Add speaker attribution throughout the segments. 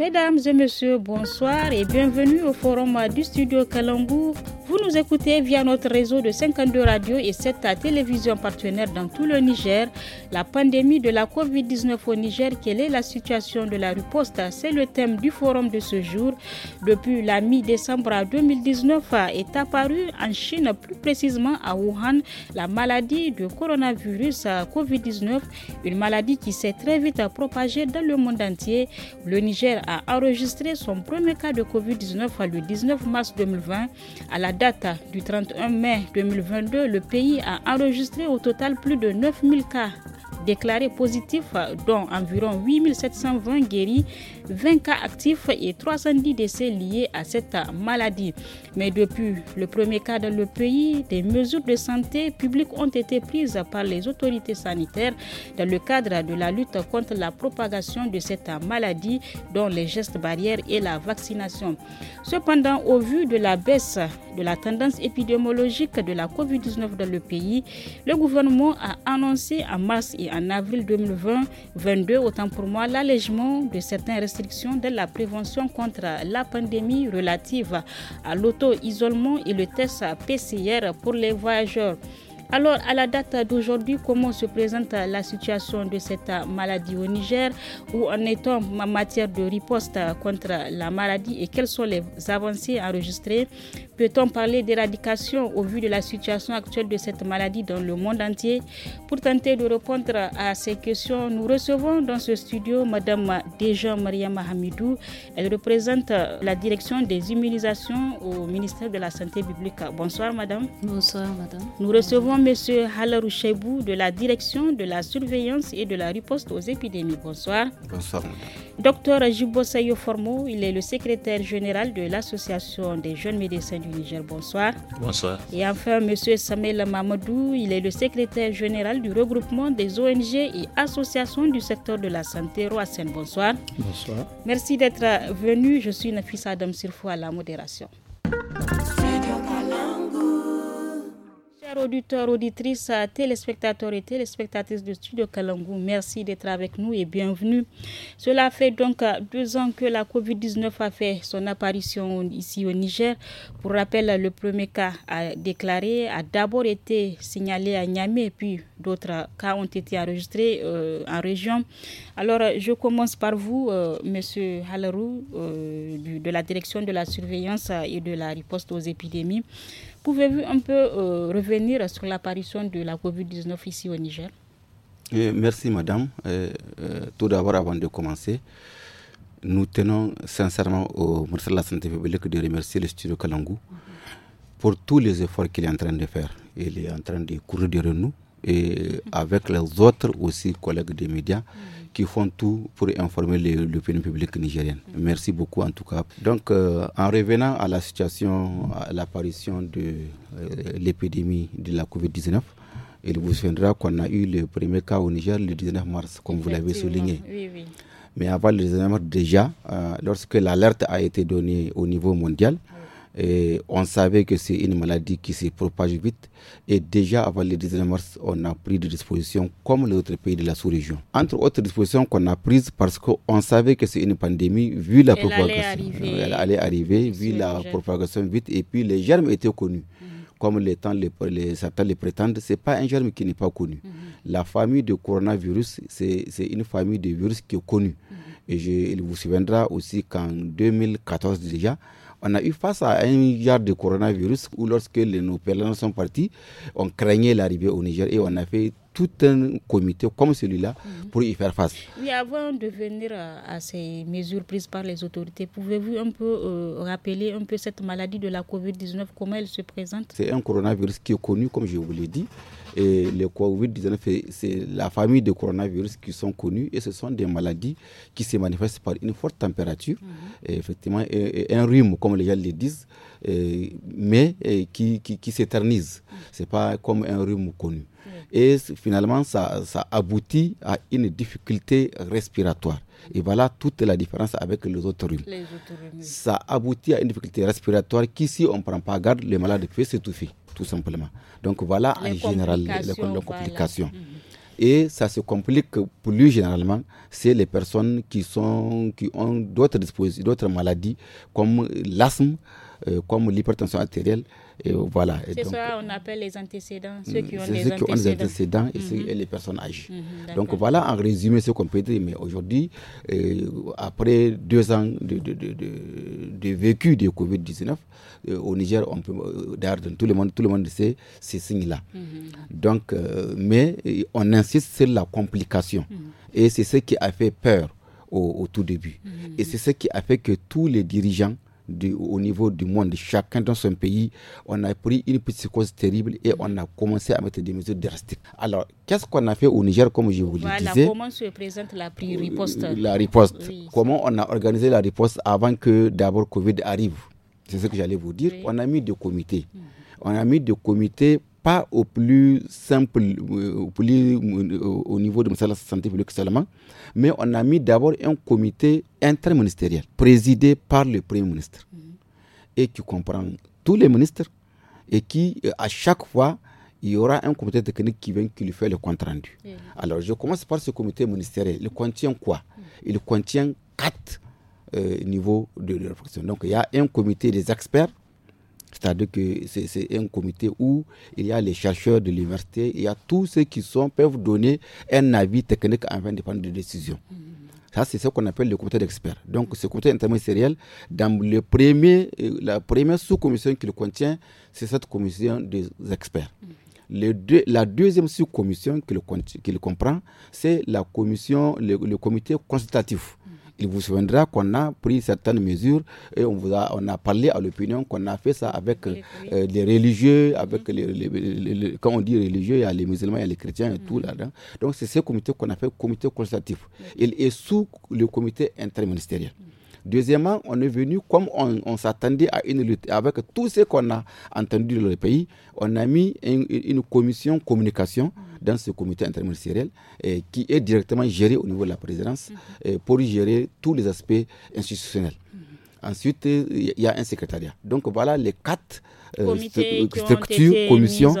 Speaker 1: Mesdames et messieurs, bonsoir et bienvenue au forum du studio Kalangou écouter écoutez via notre réseau de 52 radios et 7 télévisions partenaires dans tout le Niger, la pandémie de la COVID-19 au Niger, quelle est la situation de la riposte C'est le thème du forum de ce jour. Depuis la mi-décembre 2019 est apparue en Chine, plus précisément à Wuhan, la maladie du coronavirus COVID-19, une maladie qui s'est très vite propagée dans le monde entier. Le Niger a enregistré son premier cas de COVID-19 le 19 mars 2020. À la date du 31 mai 2022, le pays a enregistré au total plus de 9000 cas déclarés positifs, dont environ 8720 guéris 20 cas actifs et 310 décès liés à cette maladie. Mais depuis le premier cas dans le pays, des mesures de santé publique ont été prises par les autorités sanitaires dans le cadre de la lutte contre la propagation de cette maladie, dont les gestes barrières et la vaccination. Cependant, au vu de la baisse de la tendance épidémiologique de la COVID-19 dans le pays, le gouvernement a annoncé en mars et en avril 2020, autant pour moi, l'allègement de certains restrictions de la prévention contre la pandémie relative à l'auto-isolement et le test PCR pour les voyageurs. Alors, à la date d'aujourd'hui, comment se présente la situation de cette maladie au Niger Où en est-on en matière de riposte contre la maladie et quelles sont les avancées enregistrées Peut-on parler d'éradication au vu de la situation actuelle de cette maladie dans le monde entier Pour tenter de répondre à ces questions, nous recevons dans ce studio Madame Dejan Maria Mahamidou. Elle représente la direction des immunisations au ministère de la Santé publique. Bonsoir, Madame. Bonsoir, Madame. Nous recevons Monsieur Halarou Chebou de la direction de la surveillance et de la riposte aux épidémies. Bonsoir. Bonsoir. Docteur Jibo Sayo Formo, il est le secrétaire général de l'Association des jeunes médecins du Niger. Bonsoir. Bonsoir. Et enfin, Monsieur Samel Mamadou, il est le secrétaire général du regroupement des ONG et associations du secteur de la santé Roassen. Bonsoir. Bonsoir. Merci d'être venu. Je suis Nafisa Adam Sirfou à la modération. Chers auditeurs, auditrices, téléspectateurs et téléspectatrices de studio Kalangou, merci d'être avec nous et bienvenue. Cela fait donc deux ans que la COVID-19 a fait son apparition ici au Niger. Pour rappel, le premier cas a déclaré a d'abord été signalé à Niamey, puis d'autres cas ont été enregistrés euh, en région. Alors, je commence par vous, M. Euh, Monsieur Halarou, euh, de la direction de la surveillance et de la riposte aux épidémies. Pouvez-vous un peu euh, revenir sur l'apparition de la COVID-19 ici au Niger
Speaker 2: Merci madame. Euh, euh, tout d'abord, avant de commencer, nous tenons sincèrement au ministère de la Santé publique de remercier le studio Kalangou pour tous les efforts qu'il est en train de faire. Il est en train de courir de nous et avec les autres aussi collègues des médias qui font tout pour informer l'opinion publique nigérienne. Merci beaucoup en tout cas. Donc euh, en revenant à la situation, à l'apparition de euh, l'épidémie de la COVID-19, il vous souviendra qu'on a eu le premier cas au Niger le 19 mars, comme vous l'avez souligné. Oui, oui. Mais avant le 19 mars déjà, euh, lorsque l'alerte a été donnée au niveau mondial, on savait que c'est une maladie qui se propage vite. Et déjà avant le 19 mars, on a pris des dispositions comme les autres pays de la sous-région. Entre autres dispositions qu'on a prises parce qu'on savait que c'est une pandémie, vu la propagation. elle allait arriver, vu la propagation vite. Et puis les germes étaient connus. Mhm. comme les temps les, les, certains le prétendent, ce n'est pas un germe qui n'est pas connu. Mhm. La famille de coronavirus, c'est une famille de virus qui est connue. Mhm. Et je, il vous souviendra aussi qu'en 2014 déjà, on a eu face à un milliard de coronavirus où lorsque les, nos sont partis, on craignait l'arrivée au Niger et on a fait tout un comité comme celui-là mhm. pour y faire face.
Speaker 1: avant de venir à, ces mesures prises par les autorités, pouvez-vous un peu euh, rappeler un peu cette maladie de la COVID-19, comment elle se présente
Speaker 2: C'est un coronavirus qui est connu, comme je vous l'ai dit, et le Covid-19, c'est la famille de coronavirus qui sont connus et ce sont des maladies qui se manifestent par une forte température, mhm. effectivement, et, un rhume, comme les gens le disent, mais qui, s'éternise. Mhm. Ce n'est pas comme un rhume connu. Et finalement, ça, ça aboutit à une difficulté respiratoire. Et voilà toute la différence avec les autres rhumes. Ça aboutit à une difficulté respiratoire qui, si on ne prend pas garde, le malade peut s'étouffer simplement. Donc voilà en général les, complications. Mm-hmm. Et ça se complique plus lui généralement, c'est les personnes qui, sont, qui ont d'autres d'autres maladies comme l'asthme, euh, comme l'hypertension artérielle et voilà. C'est ça
Speaker 1: on appelle les antécédents, ceux mm, qui ont, des, antécédents.
Speaker 2: Mm-hmm. et, les personnes âgées. Mm-hmm, donc voilà en résumé ce qu'on peut dire. Mais aujourd'hui, euh, après deux ans de, de, de, de vécu de Covid-19, euh, au Niger, on peut, euh, tout le monde, tout le monde sait ces signes-là. Mm-hmm. Donc, mais on insiste sur la complication. Et c'est ce qui a fait peur au tout début. Et c'est ce qui a fait que tous les dirigeants au niveau du monde, chacun dans son pays, on a pris une petite cause terrible et on a commencé à mettre des mesures drastiques. Alors, qu'est-ce qu'on a fait au Niger, comme je vous le disais Comment
Speaker 1: se présente la riposte euh, La riposte.
Speaker 2: Comment on a organisé la riposte avant que d'abord Covid arrive C'est ce que j'allais vous dire. On a mis des comités. On a mis des comités pas au plus simple, euh, au, plus, euh, au niveau de la santé publique seulement, mais on a mis d'abord un comité interministériel présidé par le Premier ministre et qui comprend tous les ministres et qui, euh, à chaque fois, il y aura un comité technique qui vient lui fait le compte rendu. Alors, je commence par ce comité ministériel. Il contient quoi Il contient quatre niveaux de réflexion. Donc, il y a un comité des experts c'est-à-dire que c'est un comité où il y a les chercheurs de l'université, il y a tous ceux qui sont, peuvent donner un avis technique afin de prendre des décisions. Mm-hmm. Ça, c'est ce qu'on appelle le comité d'experts. Donc, ce comité interministériel, dans le premier, euh, la première sous-commission qu'il contient, c'est cette commission des experts. Mm-hmm. la deuxième sous-commission qu'il comprend, c'est la commission, le, comité consultatif. Mm-hmm il vous souviendra qu'on a pris certaines mesures et on vous a, on a parlé à l'opinion qu'on a fait ça avec euh, les, religieux, avec les, quand on dit religieux, il y a les musulmans, il y a les chrétiens et tout mhm. là-dedans. Donc c'est ce comité qu'on a le comité consultatif. Il est sous le comité interministériel. Mhm. Deuxièmement, on est venu comme on, s'attendait à une lutte. Avec tout ce qu'on a entendu dans le pays, on a mis une, commission communication dans ce comité interministériel eh, qui est directement géré au niveau de la présidence mhm. eh, pour gérer tous les aspects institutionnels. Mhm. Ensuite, il y a un secrétariat. Donc voilà les quatre euh, structures, commissions.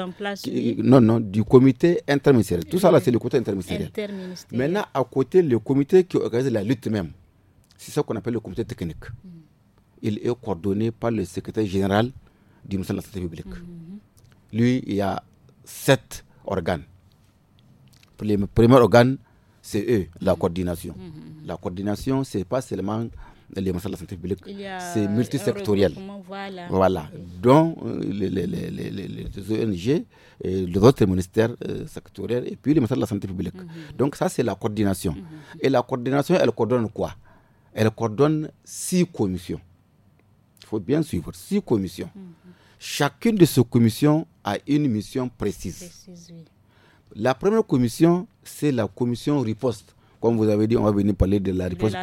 Speaker 2: Non, non, du comité interministériel. Tout ça, là, c'est le comité interministériel. Maintenant, à côté, le comité qui organise la lutte même. C'est ce qu'on appelle le comité technique. Il est coordonné par le secrétaire général du ministère de la Santé publique. Mm-hmm. Lui, il y a sept organes. Le premier organe, c'est eux, la mm-hmm. coordination. Mm-hmm. La coordination, ce n'est pas seulement le ministère de la Santé publique, c'est multisectoriel. Voilà. Dont les, ONG, les autres ministères euh, sectoriels et puis le ministère de la Santé publique. Donc, ça, c'est la coordination. Et la coordination, elle coordonne quoi elle coordonne six commissions. Il faut bien suivre, six commissions. Mhm. Chacune de ces commissions a une mission précise. La première commission, c'est la commission riposte. Comme vous avez dit, on va venir parler de la riposte,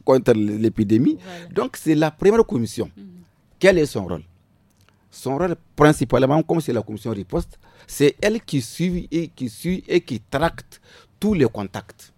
Speaker 2: contre, l'épidémie. Donc, c'est la première commission. Mhm. Quel est son rôle Son rôle, principalement, comme c'est la commission riposte, c'est elle qui suit et qui suit et qui tracte tous les contacts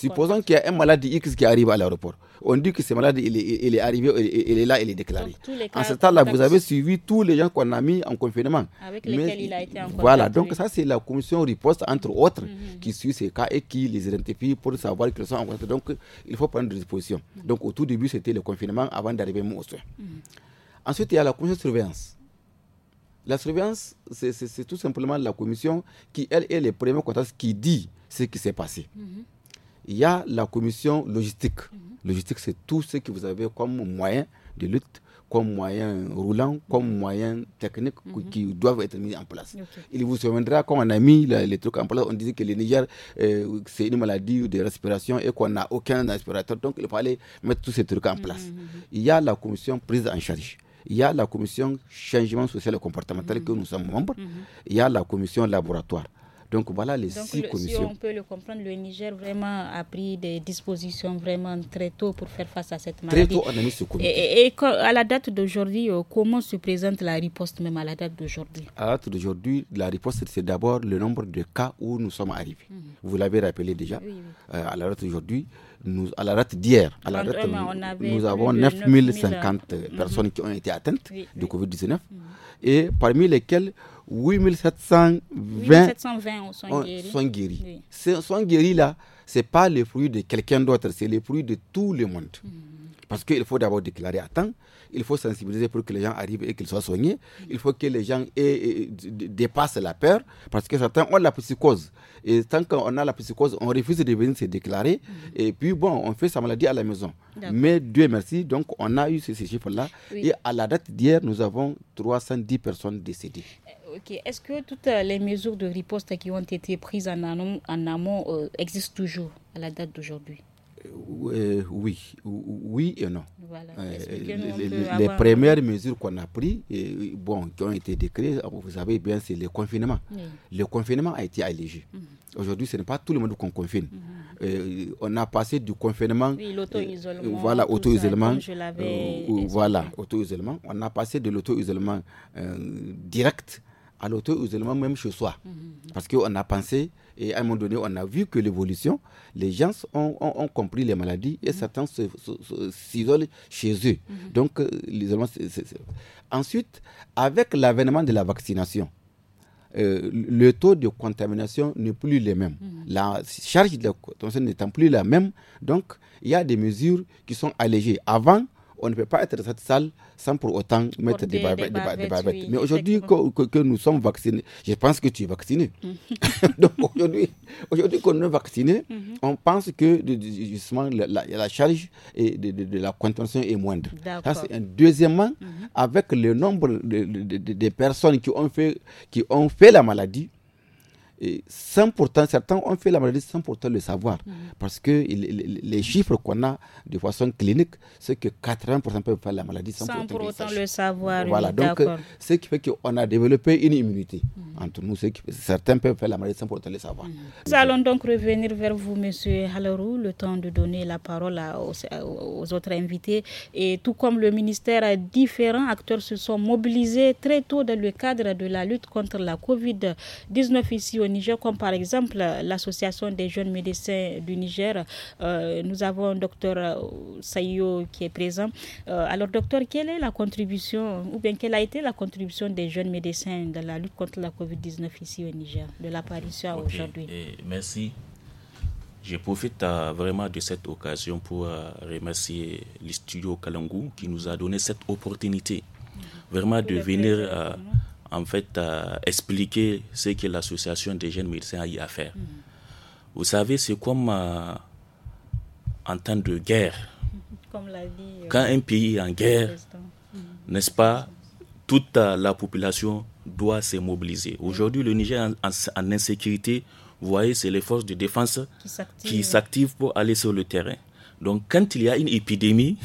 Speaker 2: Supposons qu'il y a un malade X qui arrive à l'aéroport. On dit que ce malade, il est, arrivé, il, est, là, il est déclaré. en ce temps-là, vous avez suivi tous les gens qu'on a mis en confinement. Avec
Speaker 3: lesquels il a été en contact. Voilà, donc ça,
Speaker 2: c'est la commission riposte, entre autres, mhm. qui suit ces cas et qui les identifie pour savoir qu'ils sont en contact. Donc, il faut prendre des dispositions. Mhm. Donc, au tout début, c'était le confinement avant d'arriver au soin. Mhm. Ensuite, il y a la commission de surveillance. La surveillance, c'est tout simplement la commission qui, elle, est le premier contact qui dit ce qui s'est passé il y a la commission logistique. Logistique, c'est tout ce que vous avez comme moyen de lutte, comme moyen roulant, comme moyen technique qui, mhm. doivent être mis en place. Il vous souviendra quand on a mis les trucs en place, on disait que le Niger, euh, c'est une maladie de respiration et qu'on n'a aucun respirateur. Donc, il fallait mettre tous ces trucs en place. Mhm, mhm, il y a la commission prise en charge il y a la commission changement social et comportemental que nous sommes membres, il y a la commission laboratoire. Donc voilà les six conditions. commissions. Si on
Speaker 1: peut le comprendre, le Niger vraiment a pris des dispositions vraiment très tôt pour faire face à cette maladie. Très tôt, on a mis ce comité. Et, à la date d'aujourd'hui, euh, comment se présente la riposte même à la date d'aujourd'hui
Speaker 2: À la date d'aujourd'hui, la riposte, c'est d'abord le nombre de cas où nous sommes arrivés. Mhm. Vous l'avez rappelé déjà. Euh, à la date d'aujourd'hui, nous, à la date d'hier, à la nous avons 9050 euh, personnes mhm. qui ont été atteintes du Covid-19 mhm. et parmi lesquelles 8720
Speaker 1: sont guéris. guéris.
Speaker 2: Ce guéris là, c'est pas le fruit de quelqu'un d'autre, c'est le fruit de tout le monde. Mm. Parce qu'il faut d'abord déclarer à temps, il faut sensibiliser pour que les gens arrivent et qu'ils soient soignés, il faut que les gens aient, dépassent la peur, parce que certains ont la psychose. Et tant qu'on a la psychose, on refuse de venir se déclarer, mm. et puis bon, on fait sa maladie à la maison. Mais Dieu merci, donc on a eu ces, chiffres-là, et à la date d'hier, nous avons 310 personnes décédées.
Speaker 1: Ok. Est-ce que toutes euh, les mesures de riposte qui ont été prises en amont, en amont euh, existent toujours à la date d'aujourd'hui
Speaker 2: euh, oui, oui et non. les, premières mesures qu'on a prises, bon, qui ont été décrites, vous savez bien, c'est le confinement. Le confinement a été allégé. Mhm. Aujourd'hui, ce n'est pas tout le monde qu'on confine. Mhm. on a passé du confinement. Oui,
Speaker 1: l'auto-isolement. voilà, auto-isolement.
Speaker 2: voilà, auto-isolement. On a passé de l'auto-isolement direct à l'auto-isolement même chez soi. Mhm, mhm. Parce qu'on a pensé, et à un moment donné, on a vu que l'évolution, les gens ont, compris les maladies et mhm. certains s'isolent chez eux. Donc, euh, l'isolement, Ensuite, avec l'avènement de la vaccination, euh, le taux de contamination n'est plus le même. La charge de la contamination n'étant plus la même, donc il y a des mesures qui sont allégées. Avant, on ne peut pas être dans cette salle sans pour autant mettre des, barbettes. Mais aujourd'hui que, nous sommes vaccinés, je pense que tu es vacciné. Mm. Donc aujourd'hui, aujourd'hui qu'on est vacciné, mm-hmm. on pense que justement la, charge et de, de, la contention est moindre. Ça, un, deuxièmement, mm-hmm. avec le nombre de, de, personnes qui ont fait, qui ont fait la maladie, et sans pourtant, certains ont fait la maladie sans pourtant le savoir. Mhm. Parce que les chiffres qu'on a de façon clinique, c'est que 80% peuvent faire la maladie sans, pourtant autant, le,
Speaker 1: savoir. Voilà, donc
Speaker 2: ce qui fait qu'on a développé une immunité mhm. entre nous. Qui, certains peuvent faire la maladie sans pourtant le savoir. Mhm.
Speaker 1: Nous allons donc revenir vers vous, Monsieur Halerou, le temps de donner la parole aux, aux, autres invités. Et tout comme le ministère, différents acteurs se sont mobilisés très tôt dans le cadre de la lutte contre la COVID-19 ici au Niger, comme par exemple euh, l'Association des jeunes médecins du Niger. Euh, nous avons docteur euh, Sayo qui est présent. alors, docteur, quelle est la contribution, ou bien quelle a été la contribution des jeunes médecins dans la lutte contre la COVID-19 ici au Niger, de l'apparition aujourd'hui
Speaker 4: eh, Merci. Je profite vraiment de cette occasion pour remercier le studio qui nous a donné cette opportunité mhm. vraiment de venir à en fait, euh, expliquer ce que l'association des jeunes médecins a à faire. Mm. Vous savez, c'est comme euh, en temps de guerre. Euh, Quand un pays est en guerre, mm. n'est-ce pas, toute la population doit se mobiliser. Aujourd'hui, le Niger en, en insécurité, vous voyez, c'est les forces de défense qui s'activent pour aller sur le terrain. Donc quand il y a une épidémie,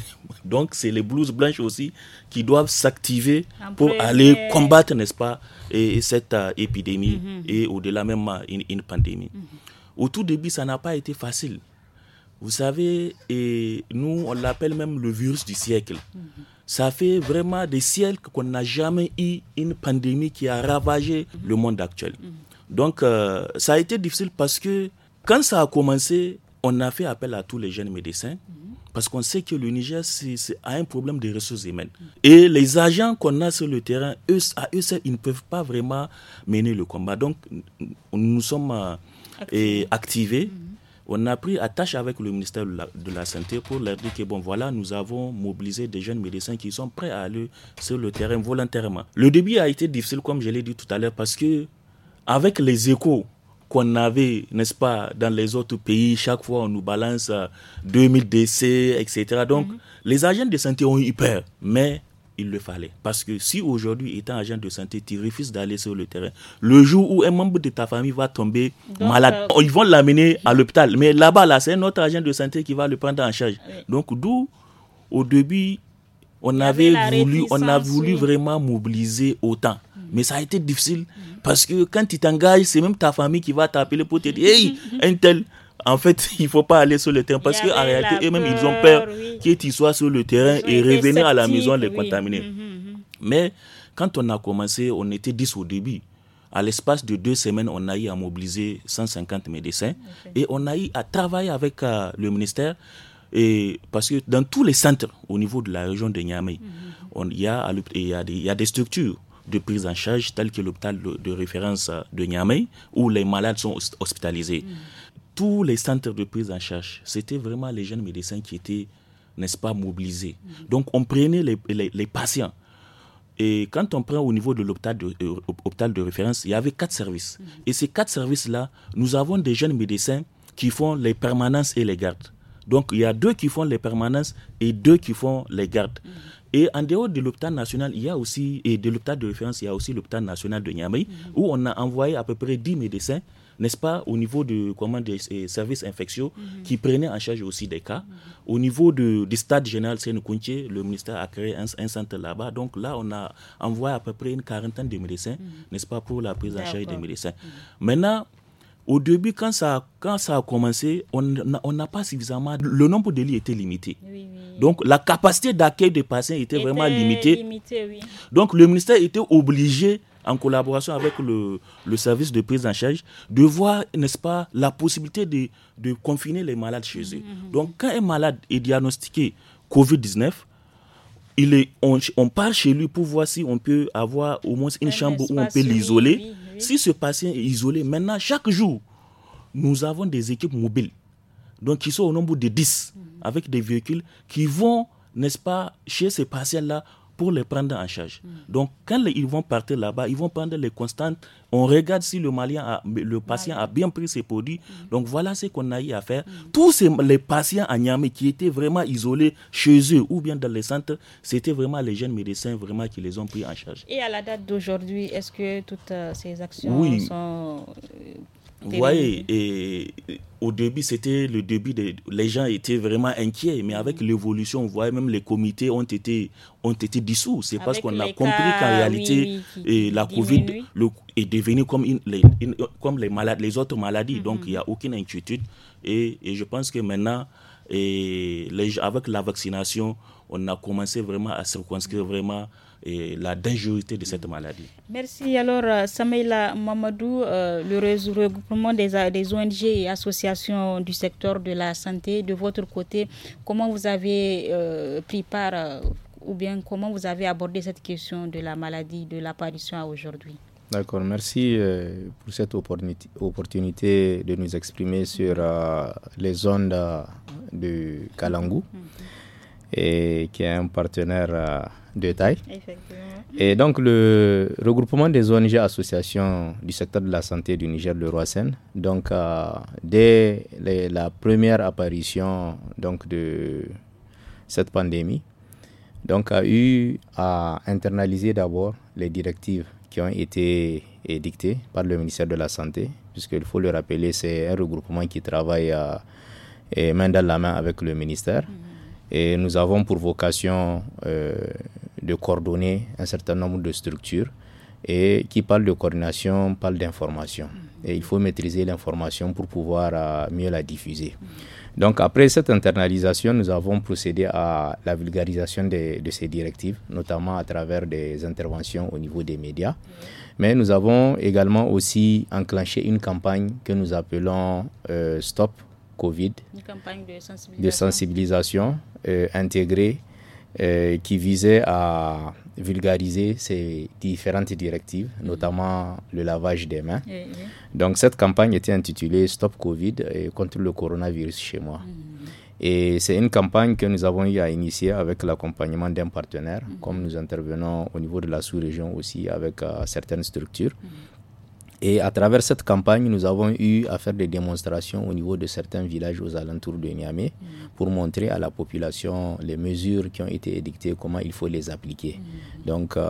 Speaker 4: donc c'est les blouses blanches aussi qui doivent s'activer
Speaker 3: pour aller combattre,
Speaker 4: n'est-ce pas, et, cette euh, épidémie mhm. et au-delà même euh, une, pandémie. Mhm. Au tout début, ça n'a pas été facile. Vous savez, et nous, on l'appelle même le virus du siècle. Mhm. Ça fait vraiment des siècles qu'on n'a jamais eu une pandémie qui a ravagé le monde actuel. Donc, euh, ça a été difficile parce que quand ça a commencé, on a fait appel à tous les jeunes médecins parce qu'on sait que le Niger a un problème de ressources humaines. Et les agents qu'on a sur le terrain, eux, à eux ils ne peuvent pas vraiment mener le combat. Donc, nous nous sommes euh, activés. activés. Mhm. On a pris attache avec le ministère de la Santé pour leur dire que, bon, voilà, nous avons mobilisé des jeunes médecins qui sont prêts à aller sur le terrain volontairement. Le début a été difficile, comme je l'ai dit tout à l'heure, parce que, avec les échos qu'on avait, n'est-ce pas, dans les autres pays. Chaque fois, on nous balance 2000 euh, décès, etc. Donc, mhm. les agents de santé ont eu peur, mais il le fallait. Parce que si aujourd'hui, étant agent de santé, tu refuses d'aller sur le terrain, le jour où un membre de ta famille va tomber malade, euh, ils vont l'amener à l'hôpital. Mais là-bas, là, un c'est notre agent de santé qui va le prendre en charge. Donc, d'où, au début, on avait, voulu, on a voulu vraiment mobiliser autant. Mais ça a été difficile parce que quand tu t'engages, c'est même ta famille qui va t'appeler pour te dire Hey, un tel. En fait, il ne faut pas aller sur le terrain parce qu'en réalité, eux-mêmes, ils ont peur que tu sois sur le terrain et revenir à la maison les contaminer. Mhm, mhm. Mais quand on a commencé, on était 10 au début. À l'espace de deux semaines, on a eu à mobiliser 150 médecins et on a eu à travailler avec euh, le ministère. Et parce que dans tous les centres au niveau de la région de Niamey, il y, a des structures de prise en charge, tel que l'hôpital de référence de Niamey, où les malades sont hospitalisés. Mm. Tous les centres de prise en charge, c'était vraiment les jeunes médecins qui étaient, n'est-ce pas, mobilisés. Mm. Donc on prenait les, patients. Et quand on prend au niveau de l'hôpital de, euh, de, référence, il y avait quatre services. Mm. Et ces quatre services-là, nous avons des jeunes médecins qui font les permanences et les gardes. Donc il y a deux qui font les permanences et deux qui font les gardes. Et en dehors de l'hôpital national, il y a aussi, et de l'hôpital de référence, il y a aussi l'hôpital national de Niamey, mhm. où on a envoyé à peu près 10 médecins n'est-ce pas, au niveau de, comment, des services infectieux mhm. qui prenaient en charge aussi des cas. Mhm. Au niveau de, du stade général Sénoukounché, le ministère a créé un, centre là-bas. Donc là, on a envoyé à peu près une quarantaine de médecins, n'est-ce pas, pour la prise en charge des médecins. Maintenant, au début, quand ça, a, quand ça a commencé, on n'a pas suffisamment. Le nombre de lits était limité. Donc, la capacité d'accueil des patients était, vraiment limitée. Donc, le ministère était obligé, en collaboration avec le, service de prise en charge, de voir, n'est-ce pas, la possibilité de, confiner les malades chez eux. Mhm. Donc, quand un malade est diagnostiqué COVID-19, il est, on, part chez lui pour voir si on peut avoir au moins une chambre où on peut l'isoler si ce patient est isolé, maintenant, chaque jour, nous avons des équipes mobiles, donc qui sont au nombre de 10, mhm. avec des véhicules qui vont, n'est-ce pas, chez ces patients-là pour les prendre en charge. Hmm. Donc, quand ils vont partir là-bas, ils vont prendre les constantes. On regarde si le, malien le patient a bien pris ses produits. Hmm. Donc, voilà ce qu'on a eu à faire. Hmm. Tous ces, les patients à Niamey qui étaient vraiment isolés chez eux ou bien dans les centres, c'était vraiment les jeunes médecins vraiment qui les ont pris en charge.
Speaker 1: Et à la date d'aujourd'hui, est-ce que toutes euh, ces actions sont euh,
Speaker 4: oui, et au début, c'était le début, de, les gens étaient vraiment inquiets, mais avec mm-hmm. l'évolution, vous voyez, même les comités ont été, ont été dissous. C'est parce qu'on a compris qu'en réalité, et la Covid est devenue comme, une, les, comme les, malades, les autres maladies, donc mm-hmm. il n'y a aucune inquiétude. Et, et, je pense que maintenant, et les, avec la vaccination, on a commencé vraiment à circonscrire mm. vraiment la dangerosité de cette maladie.
Speaker 1: Merci. Alors, euh, Samaïla Mamadou, euh, le regroupement des, ONG et associations du secteur de la santé, de votre côté, comment vous avez euh, pris part ou bien comment vous avez abordé cette question de la maladie, de l'apparition à aujourd'hui
Speaker 3: D'accord, merci pour cette opportunité de nous exprimer sur les zones de Kalangou. Mm-hmm et qui est un partenaire euh, de taille. Et donc le regroupement des ONG associations du secteur de la santé du Niger, de Roissens, donc euh, dès la première apparition donc de cette pandémie, donc a eu à internaliser d'abord les directives qui ont été édictées par le ministère de la Santé, puisqu'il faut le rappeler, c'est un regroupement qui travaille euh, main dans la main avec le ministère. Mm-hmm. Et nous avons pour vocation euh, de coordonner un certain nombre de structures. Et qui parle de coordination parle d'information. Et il faut maîtriser l'information pour pouvoir euh, mieux la diffuser. Donc après cette internalisation, nous avons procédé à la vulgarisation de, ces directives, notamment à travers des interventions au niveau des médias. Mais nous avons également aussi enclenché une campagne que nous appelons euh, Stop Covid, une campagne de sensibilisation, euh, intégrée euh, qui visait à vulgariser ces différentes directives, mhm. notamment le lavage des mains. Donc cette campagne était intitulée Stop Covid et contre le coronavirus chez moi. Mhm. Et c'est une campagne que nous avons eu à initier avec l'accompagnement d'un partenaire, mhm. comme nous intervenons au niveau de la sous-région aussi avec euh, certaines structures. Et à travers cette campagne, nous avons eu à faire des démonstrations au niveau de certains villages aux alentours de Niamey pour montrer à la population les mesures qui ont été édictées, comment il faut les appliquer. Mm. Donc, euh,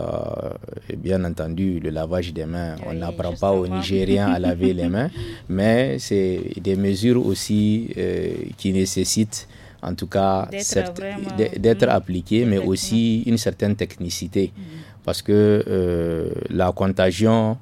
Speaker 3: bien entendu, le lavage des mains, on n'apprend pas aux Nigériens à laver les mains, mais c'est des mesures aussi euh, qui nécessitent en tout cas d'être mm. appliquées, mais aussi une certaine technicité. Mm. Parce que euh, la contagion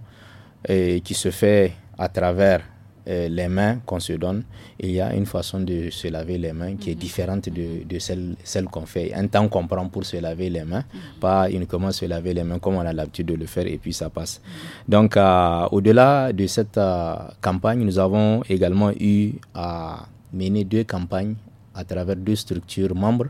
Speaker 3: qui se fait à travers euh, les mains qu'on se donne, il y a une façon de se laver les mains qui est mhm. différente de, celle, celle qu'on fait. Un temps qu'on prend pour se laver les mains, pas mhm. une pas uniquement se laver les mains comme on a l'habitude de le faire et puis ça passe. Donc, euh, au-delà de cette euh, campagne, nous avons également eu à mener deux campagnes à travers deux structures membres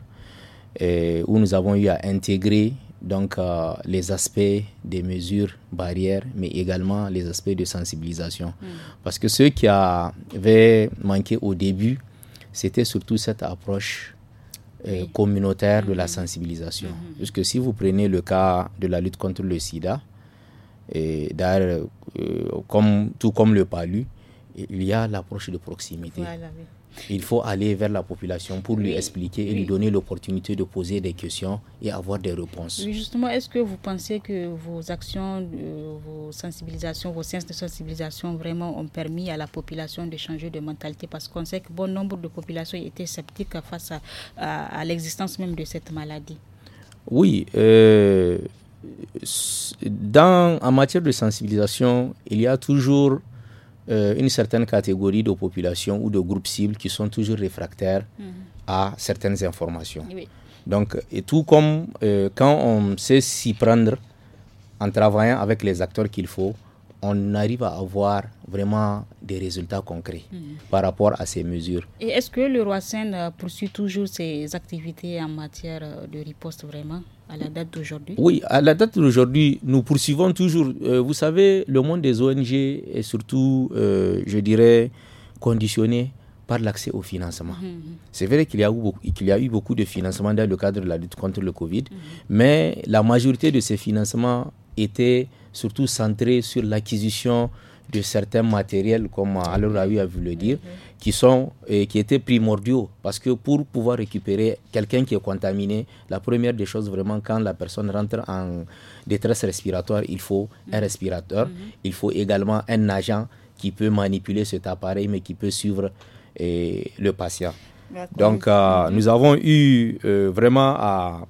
Speaker 3: et où nous avons eu à intégrer donc euh, les aspects des mesures barrières, mais également les aspects de sensibilisation. Mm. Parce que ce qui avait manqué au début, c'était surtout cette approche euh, communautaire de la mm. sensibilisation. Mm-hmm. Parce Puisque si vous prenez le cas de la lutte contre le sida, et euh, tout comme le palu, il y a l'approche de proximité. Il faut aller vers la population pour lui expliquer et lui donner l'opportunité de poser des questions et avoir des réponses.
Speaker 1: justement, est-ce que vous pensez que vos actions, euh, vos sensibilisations, vos séances de sensibilisation vraiment ont permis à la population de changer de mentalité Parce qu'on sait que bon nombre de populations étaient sceptiques face à, à l'existence même de cette maladie.
Speaker 3: Oui. Euh, dans, en matière de sensibilisation, il y a toujours euh, une certaine catégorie de population ou de groupes cibles qui sont toujours réfractaires mhm. à certaines informations. Donc, et tout comme euh, quand on sait s'y prendre en travaillant avec les acteurs qu'il faut, on arrive à avoir vraiment des résultats concrets mhm. par rapport à ces mesures.
Speaker 1: Et est-ce que le Seine euh, poursuit toujours ses activités en matière euh, de riposte vraiment à la date d'aujourd'hui Oui, à
Speaker 3: la date d'aujourd'hui, nous poursuivons toujours. Euh, vous savez, le monde des ONG est surtout, je dirais, conditionné par l'accès au financement. Mhm, mhm. C'est vrai qu'il y, a eu beaucoup, de financements dans le cadre de la lutte contre le Covid, mais la majorité de ces financements était surtout centré sur l'acquisition de certains matériels, comme euh, Aloraoui a vu le dire, mhm. qui, sont, euh, qui étaient primordiaux. Parce que pour pouvoir récupérer quelqu'un qui est contaminé, la première des choses, vraiment, quand la personne rentre en détresse respiratoire, il faut un mhm. respirateur, mhm. il faut également un agent qui peut manipuler cet appareil, mais qui peut suivre euh, le patient. Donc, nous avons eu vraiment à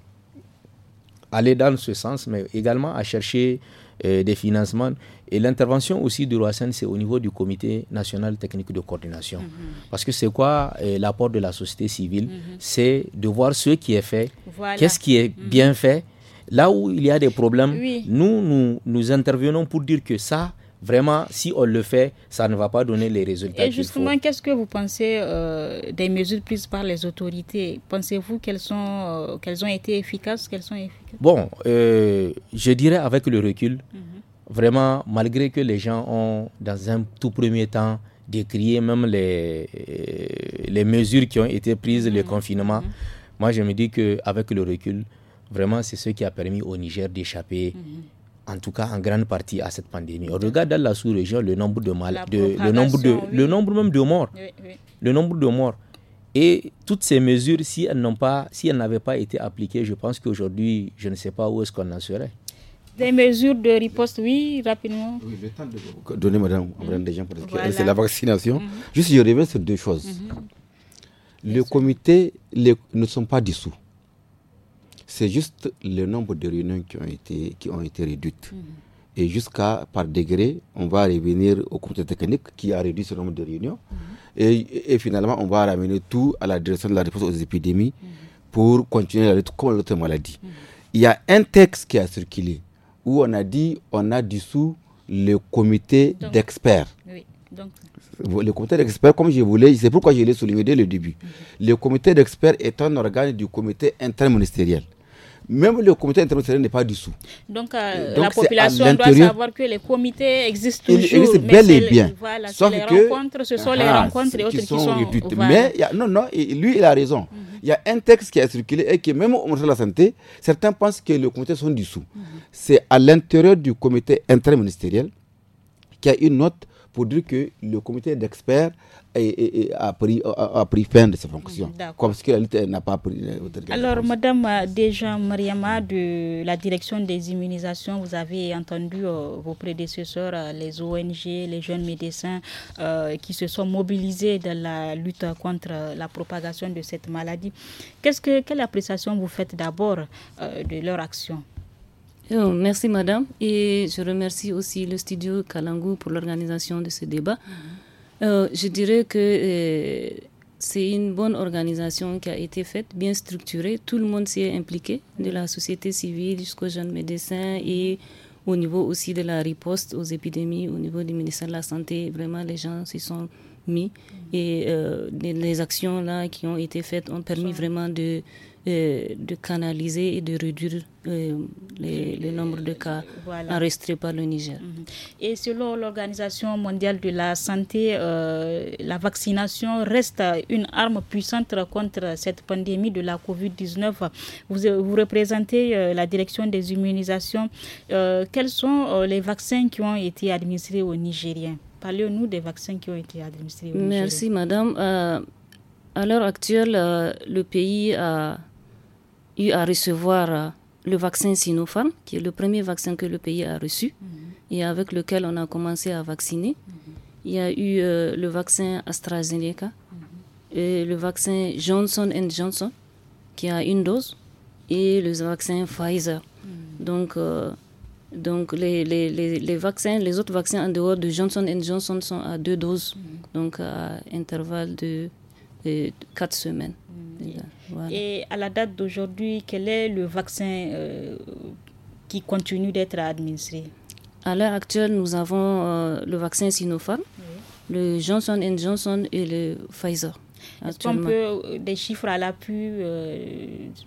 Speaker 3: aller dans ce sens, mais également à chercher euh, des financements. Et l'intervention aussi du Roasen, c'est au niveau du Comité national technique de coordination. Mm-hmm. Parce que c'est quoi euh, l'apport de la société civile mm-hmm. C'est de voir ce qui est fait, qu'est-ce qui est mm-hmm. bien fait. Là où il y a des problèmes, nous, nous, nous intervenons pour dire que ça, Vraiment, si on le fait, ça ne va pas donner les résultats. Et justement,
Speaker 1: qu'est-ce que vous pensez euh, des mesures prises par les autorités Pensez-vous qu'elles sont, euh, qu'elles ont été efficaces, qu'elles sont efficaces
Speaker 3: Bon, euh, je dirais avec le recul, mhm. vraiment, malgré que les gens ont, dans un tout premier temps, décrié même les, les mesures qui ont été prises, le mhm. confinement, mhm. moi je me dis qu'avec le recul, vraiment, c'est ce qui a permis au Niger d'échapper en tout cas en grande partie à cette pandémie. On regarde dans la sous-région le nombre de malades, le nombre de, le nombre même de morts, le nombre de morts. Et toutes ces mesures, si elles n'ont pas, si elles n'avaient pas été appliquées, je pense qu'aujourd'hui, je ne sais pas où est-ce qu'on en serait.
Speaker 1: Des mesures de riposte, oui, rapidement.
Speaker 2: Oui, le temps de
Speaker 3: donner, madame, mmh. des gens
Speaker 2: pour c'est la vaccination. Mm-hmm. Juste, je reviens sur deux choses.
Speaker 1: Mm-hmm.
Speaker 2: Le comité, les, ne sont pas dissous. C'est juste le nombre de réunions qui ont été, qui ont été réduites. Mhm. Et jusqu'à, par degré, on va revenir au comité technique qui a réduit ce nombre de réunions. Mhm. et, finalement, on va ramener tout à la direction de la réponse aux épidémies mhm. pour continuer la lutte contre l'autre maladie. Il y a un texte qui a circulé où on a dit on a dissous le comité d'experts. Donc, le comité d'experts, comme je voulais, c'est pourquoi je l'ai souligné dès le début. Mhm. Le comité d'experts est un organe du comité interministériel. Même le comité interministériel n'est pas dissous.
Speaker 1: Donc, euh, Donc la population doit savoir que les comités existent toujours. Ils existent bel et bien. Sauf les rencontres, ce sont les ah, rencontres et autres qui sont, Mais
Speaker 2: non, non, lui, il a raison. Mhm. il y a un texte qui a circulé et qui, même au ministère de la Santé, certains pensent que le comité sont dissous. Mhm. C'est à l'intérieur du comité interministériel qu'il y a une note pour dire que le comité d'experts a, pris, fin de ses fonctions. Comme ce que n'a pas pris. Euh, Alors,
Speaker 1: Madame euh, déjà Mariama, de la direction des immunisations, vous avez entendu euh, vos prédécesseurs, les ONG, les jeunes médecins qui se sont mobilisés dans la lutte contre la propagation de cette maladie. quest -ce que, quelle appréciation vous faites d'abord de leur action
Speaker 5: Oh, merci Madame et je remercie aussi le studio Kalangu pour l'organisation de ce débat. Mm-hmm. Euh, je dirais que euh, c'est une bonne organisation qui a été faite, bien structurée. Tout le monde s'y est impliqué, de la société civile jusqu'aux jeunes médecins et au niveau aussi de la riposte aux épidémies, au niveau du ministère de la Santé. Vraiment, les gens s'y sont mis mm-hmm. et euh, les, les, actions là qui ont été faites ont permis vraiment de de canaliser et de réduire euh, le nombre de cas enregistrés par le Niger. Mhm.
Speaker 1: Et selon l'Organisation mondiale de la santé, euh, la vaccination reste une arme puissante contre cette pandémie de la COVID-19. Vous, vous, représentez euh, la direction des immunisations. quels sont les vaccins qui ont été administrés aux Nigériens Parlez-nous des vaccins qui ont été administrés aux Nigériens. Merci,
Speaker 5: madame. à l'heure actuelle, le pays a eu à recevoir euh, le vaccin Sinopharm, qui est le premier vaccin que le pays a reçu mhm. et avec lequel on a commencé à vacciner. Mhm. Il y a eu euh, le vaccin AstraZeneca mhm. et le vaccin Johnson Johnson, qui a une dose, et le vaccin Pfizer. Donc, euh, donc les, les, les, vaccins, les autres vaccins en dehors de Johnson Johnson sont à deux doses, donc à intervalle de quatre semaines.
Speaker 1: Et à la date d'aujourd'hui, quel est le vaccin euh, qui
Speaker 5: continue d'être administré À l'heure actuelle, nous avons euh, le vaccin Sinopharm, le Johnson Johnson et le Pfizer. Est-ce qu'on peut
Speaker 1: euh, des chiffres à l'appui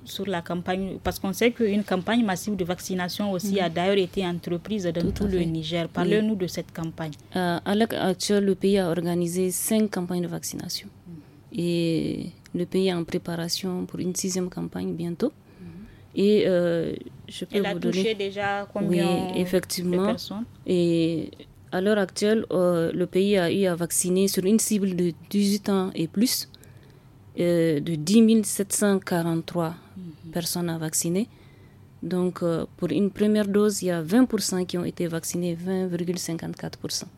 Speaker 1: sur la campagne Parce qu'on sait qu'une campagne massive de vaccination aussi mm. a d'ailleurs été entreprise dans tout, le Niger. Parlez-nous de cette campagne.
Speaker 5: à l'heure actuelle, le pays a organisé cinq campagnes de vaccination et le pays est en préparation pour une sixième campagne bientôt. Mhm. Et euh, je peux Elle vous a donner... touché déjà combien effectivement. de personnes Et à l'heure actuelle, euh, le pays a eu à vacciner sur une cible de 18 ans et plus euh, de 10 743 mhm. personnes à vacciner. Donc, pour une première dose, il y a 20% qui ont été vaccinés, 20,54%. Mhm.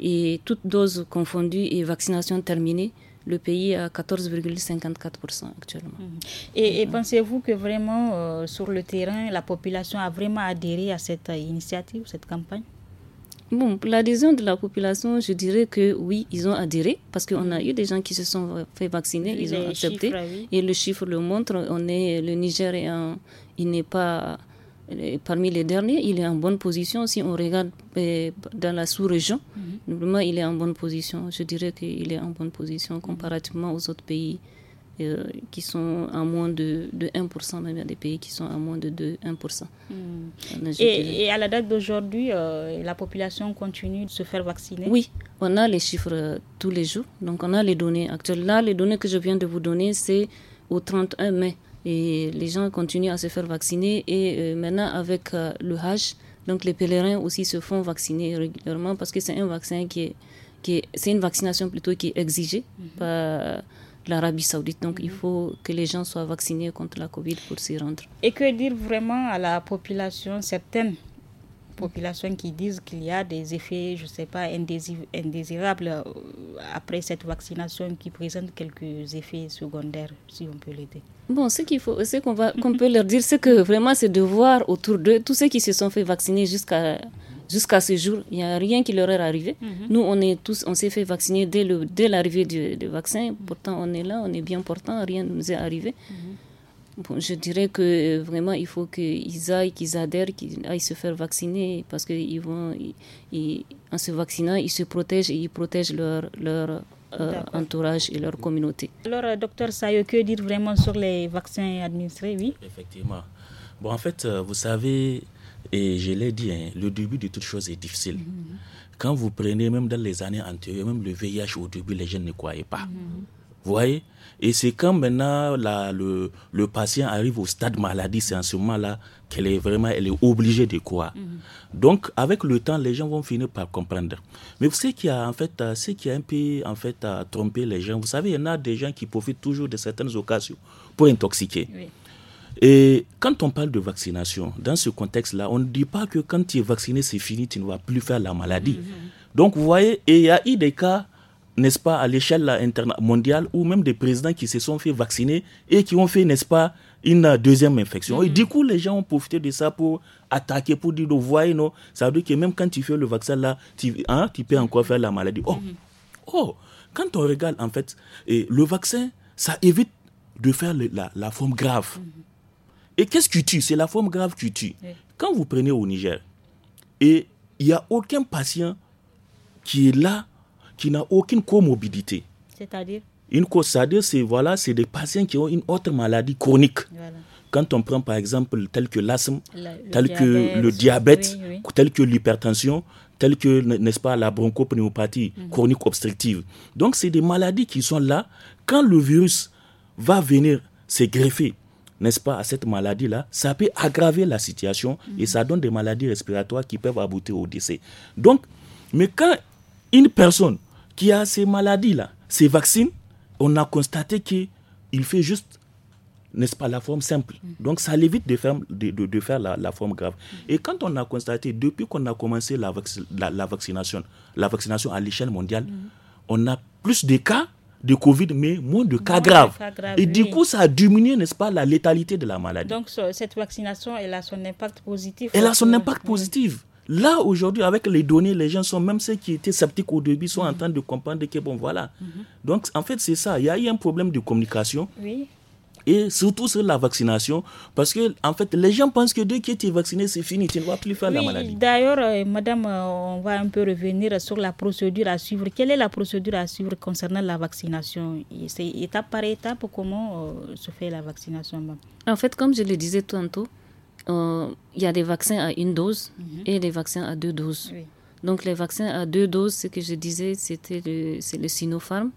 Speaker 5: Et toute dose confondue et vaccination terminée, le pays à 14,54% actuellement. Mhm.
Speaker 1: Et, pensez-vous que vraiment euh, sur le terrain, la population a vraiment adhéré à cette euh, initiative, cette campagne
Speaker 5: Bon, l'adhésion de la population, je dirais que oui, ils ont adhéré parce qu'on a mhm. eu des gens qui se sont fait vacciner, ils ont accepté. Et le chiffre le montre, on est, le Niger, il n'est pas parmi les derniers, il est en bonne position. Si on regarde euh, dans la sous-région, mhm. il est en bonne position. Je dirais qu'il est en bonne position comparativement aux autres pays euh, qui sont à moins de, 1%, même il y a des pays qui sont à moins de, 2, 1%. Mhm. et,
Speaker 1: à la date d'aujourd'hui, euh, la population continue de se faire vacciner Oui,
Speaker 5: on a les chiffres tous les jours. Donc, on a les données actuelles. Là, les données que je viens de vous donner, c'est au 31 mai. Et les gens continuent à se faire vacciner. Et euh, maintenant, avec euh, le H, donc les pèlerins aussi se font vacciner régulièrement parce que c'est un vaccin qui est, qui c'est une vaccination plutôt qui est exigée mhm. par l'Arabie saoudite. Donc il mhm. faut que les gens soient vaccinés contre la Covid pour s'y rendre.
Speaker 1: Et que dire vraiment à la population certaine population qui disent qu'il y a des effets, je ne sais pas, indésirables euh, après cette vaccination qui présentent quelques effets secondaires, si on peut l'aider.
Speaker 5: Bon, ce qu'il faut, ce qu'on va, qu'on peut leur dire, c'est que vraiment, c'est de voir autour d'eux tous ceux qui se sont fait vacciner jusqu'à jusqu'à ce jour, il n'y a rien qui leur est arrivé. Mhm. Nous, on est tous, on s'est fait vacciner dès, le, dès l'arrivée du, vaccin. Pourtant, on est là, on est bien portant, rien ne nous est arrivé. Mhm. Bon, je dirais que euh, vraiment, il faut qu'ils aillent, qu'ils adhèrent, qu'ils aillent se faire vacciner parce qu'ils vont, ils, en se vaccinant, ils se protègent et ils protègent leur, leur euh, entourage et leur communauté.
Speaker 1: Alors, euh, docteur Sayo, que dire vraiment sur les vaccins administrés, oui
Speaker 4: Effectivement. Bon, en fait, vous savez, et je l'ai dit, hein, le début de toute chose est difficile. Mhm. Quand vous prenez, même dans les années antérieures, même le VIH au début, les jeunes ne croyaient pas. Mhm. Vous voyez Et c'est quand maintenant la, le, le, patient arrive au stade maladie, c'est en ce moment-là qu'elle est vraiment elle est obligée de croire. Mhm. Donc, avec le temps, les gens vont finir par comprendre. Mais ce qui a, en fait, euh, ce qui a un peu en fait, à euh, tromper les gens, vous savez, il y en a des gens qui profitent toujours de certaines occasions pour intoxiquer. Et quand on parle de vaccination, dans ce contexte-là, on ne dit pas que quand tu es vacciné, c'est fini, tu ne vas plus faire la maladie. Mhm. Donc, vous voyez, il y a eu des cas n'est-ce pas, à l'échelle euh, mondiale, ou même des présidents qui se sont fait vacciner et qui ont fait, n'est-ce pas, une euh, deuxième infection. Et mm. du coup, les gens ont profité de ça pour attaquer, pour dire, vous voyez, non, ça veut dire que même quand tu fais le vaccin là, tu, hein, tu peux encore faire la maladie. Oh, mm-hmm. oh, quand on regarde, en fait, et le vaccin, ça évite de faire la, la, forme grave. Mm-hmm. Et qu'est-ce qui tue C'est la forme grave qui tue. Quand vous prenez au Niger, et il n'y a aucun patient qui est là qui n'a aucune comorbidité. C'est-à-dire Une c'est-à-dire, c'est des patients qui ont une autre maladie chronique. Quand on prend par exemple tel que l'asthme, tel que le diabète, tel que l'hypertension, tel que, n'est-ce pas, la bronchopneumopathie mhm. chronique obstructive. Donc, c'est des maladies qui sont là. Quand le virus va venir se greffer, n'est-ce pas, à cette maladie-là, ça peut aggraver la situation et mhm. ça donne des maladies respiratoires qui peuvent aboutir au décès. Donc, mais quand une personne qui a ces maladies-là, ces vaccins, on a constaté qu'il fait juste, n'est-ce pas, la forme simple. Mm. Donc ça l'évite de faire, de, faire la, forme grave. Mm. Et quand on a constaté, depuis qu'on a commencé la, vaccination, la vaccination à l'échelle mondiale, mm. on a plus de cas de Covid, mais moins de cas, graves. Et du coup, ça a diminué, n'est-ce pas, la létalité de la maladie. Donc,
Speaker 1: cette vaccination, elle a son impact positif. Elle a son
Speaker 4: impact hein. positif. Là, aujourd'hui, avec les données, les gens sont, même ceux qui étaient sceptiques au début, sont en mhm. train de comprendre que, bon, voilà. Mhm. Donc, en fait, c'est ça. Il y a eu un problème de communication. Oui. Et surtout sur la vaccination, parce que en fait, les gens pensent que dès qu'ils étaient vaccinés, c'est fini, tu ne vas plus faire la maladie.
Speaker 1: D'ailleurs, euh, madame, euh, on va un peu revenir sur la procédure à suivre. Quelle est la procédure à suivre concernant la vaccination C'est étape par étape comment euh, se fait la vaccination
Speaker 5: En fait, comme je le disais tantôt, il y a des vaccins à une dose mhm. et des vaccins à deux doses. Donc les vaccins à deux doses, ce que je disais, c'était le, c'est le Sinopharm,